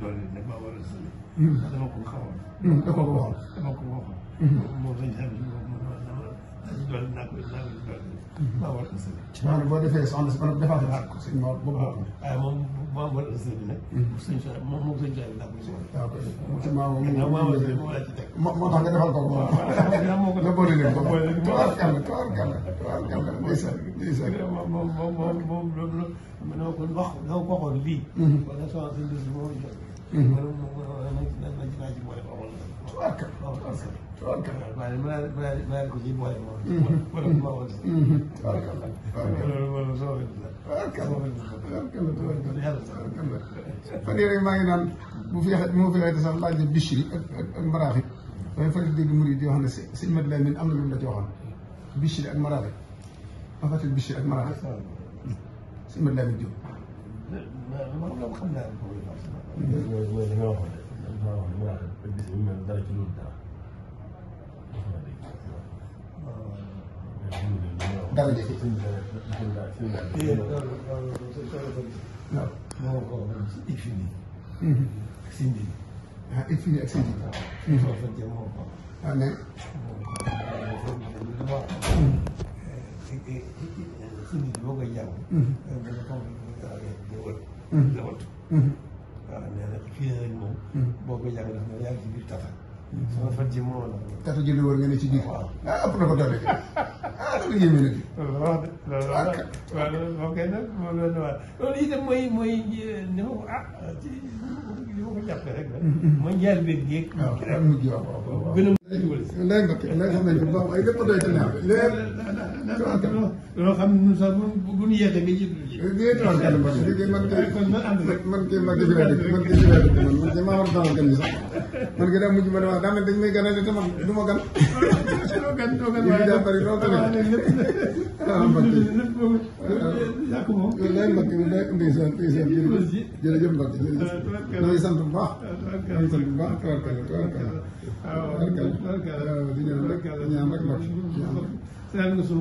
loolu it nag maa war a sëñ. ndax dama ko xamoon. dama ko waxoon dama ko waxoon. moom lañ xam moom loolu naa ko naa ko doon. maa war a sëñ. maanaam boo defee soxna si kon defaat naa ko sëñ Maodo boobu boobu. waaw moom maa war a sëñ bi nag. sëñ Soxna moom moom sëñ Soxna naa ko si woon. waaw kay maa moom moom maa war a sëñ moom laa ci teg. moo moo tax nga defal ko. waaw waaw moo ko nga boole leen ko. boole leen ko waaw kàlla waaw kàlla waaw kàlla. ndeysaan ndeysaan. moom moom moom moom loolu la. ma ne ma ko wax dama ko waxoon lii. wala soxna si تؤكد تؤكد يعني ما ما ما يجيب ولا ولا مورد تؤكد فديري ما ينام مو في مو في هذا الله يجيب بشري المراغي فين فلت ديك المريد يوحنا سي مدلا من امر ولا يوحنا بشري المراغي ما فاتت بشري المراغي سي مدلا من ديو ما خلنا درجة نعم إفني إفني أكسيدي أنا suñu boo koy jàng. dana comme la wut. waaw nee na kii rek moom. boo a jàng daf yaa a ci biir tata. sama faj ji la. tata ji wër nga ne na ko doole ah a yéeme na di. loolu wax loolu wax waaw loolu wax kay nag loolu la loolu itam mooy mooy ni ma ko ah ci li ma ko jàppee rek la. a lay Mbacké lay xam nañ ko baax ay lépp doy ci naaw léer loo xam ne sax bu ñu yeete nga jiitu ji man kay man kay Mbacké jiwee man kay jiwee man man kay maa war dama gan ñi sax man kay daa mujj ma ne wax daa mel dañ may ganale te man du ma gan doo gan doo gan waaye daa bari doo gan waaw Mbacké lay Mbacké lay ndeysaan ndeysaan jërëjëf Mbacké jërëjëf ñooy sant bu baax ñooy sant bu baax tubaarkalla tubaarkalla salaamaaleykum suñu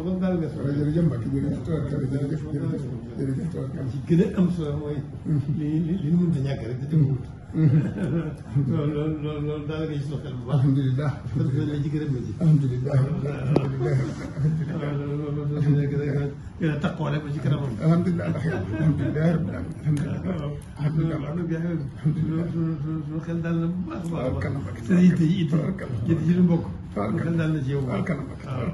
xol daal nga soxla. jërëjëf Mbacke jërëjëf toor kër jërëjëf jërëjëf jërëjëf toor kër. li gën a am solo mooy. li li li mënut a ñàkk rek di déglu. loolu loolu loolu loolu daal nga ci soxal bu baax. alhamdulilah alhamdulilah ji gërëm ji. alhamdulilah alhamdulilah alhamdulilah. gën a taxaw rek ba ci kanamam. alhamdulilah alhamdulilah alhamdulilah. alhamdulilah xel daal na bu baax a baax. te it yi it yi bokk. xel daal na ci yow waaw waaw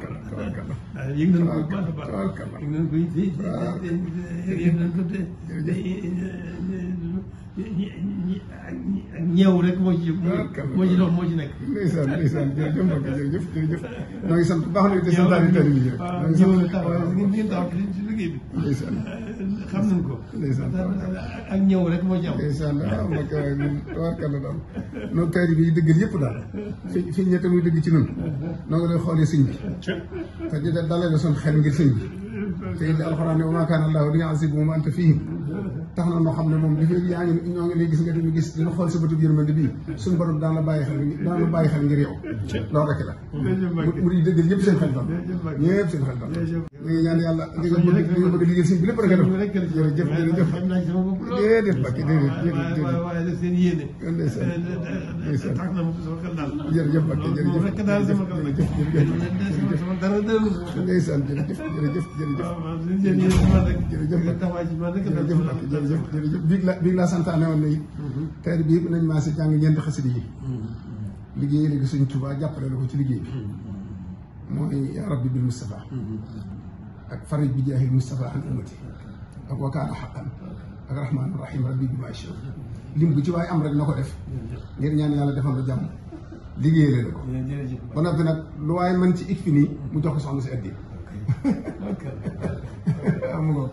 yëg nañ ko bu baax a baax yëg nañ ko it yëg nañ ko te ak ñeew rek moo ci moo ci dox moo ci nekk ndeysaan ndeysaan jërëjëf mbokk jërëjëf jërëjëf ñoo ngi sant baax na te santaane tali bi ñëw taxaw ngeen taxaw ci liggéey bi xam nañ ko ak ñëw rek moo ci am ndeysaan nag tawarkalla daal noonu tari bi dëggal yëpp daal fi ñett muy dëgg ci ñun نقول له خالي سنج فجد الدلال يسون خير من سنج فإن وما كان الله ليعذبهم وما أنت فيهم tax na noo xam ne moom li fekk yaa ngi ñoo ngi lay gis nga duñu gis si bëtub yërmande bii mm. suñu borom daan la bàyyi daan la bàyyi xel ngir yow mm. loolu rek la mu di dëggal ñëpp seen xel dal ñëpp seen xel dal da nga ñaan yàlla di nga bëgg di nga bëgg liggéey sëñ a jërëjëf jërëjëf biig la biig laa santaane woon na it tey bii nañ maa si jàng ñeenti xasida yi mhm. liggéey léegi suñ Tuubaa jàppale la ko ci liggéey bi mhm. mooy yaa rabbi mhm. bi jaahil Mustafa an ak wa kaana xaqan ak rahmaanu rahim rabbi bi maa shaw lim bu ci waaye am rek na ko def ngir ñaan yàlla defal la jàmm liggéey leen ko ba noppi nag lu waaye mën ci it fi nii mu jox ko soxna si addi am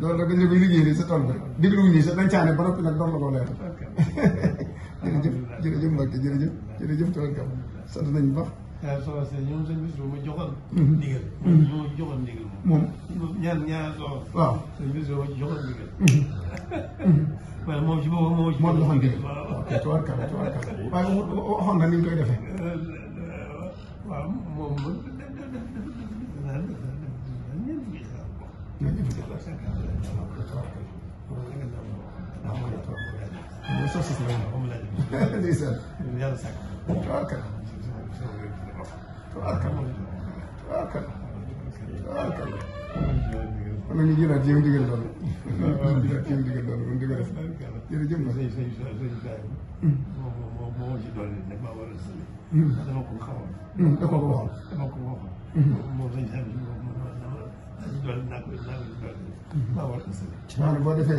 loolu rek dañ la koy liggéey nii sa tool bi digluwuñ nii sa dañ caane ba noppi nag dox la ko leer jërëjëf jërëjëf Mbacke jërëjëf jërëjëf tool kam sant nañ bu baax waaw soxna si ñoom sëñ bis ma joxoon ndigal ñoo mhm. joxoon ndigal moom ñaar ñaar soxna waaw sëñ bis ma joxoon ndigal mhm. Mhm. waaye moom ci boppam moo moo joxoon ndigal waaw tuwaar kala tuwaar kala waaye waxoon na ni ñu koy defee eh, eh, waaw moom kon nag ñu jëlaat jéem digal loolu. waaw jéem digal loolu kon digal jërëjëf ma. sëñ sëñ sëñ moo moo moo ci doole nag maa war a sëñ. dama ko xamoon. da koo ko waxoon. dama ko waxoon. moom sëñ sëñ loolu dinaa ko dinaa ko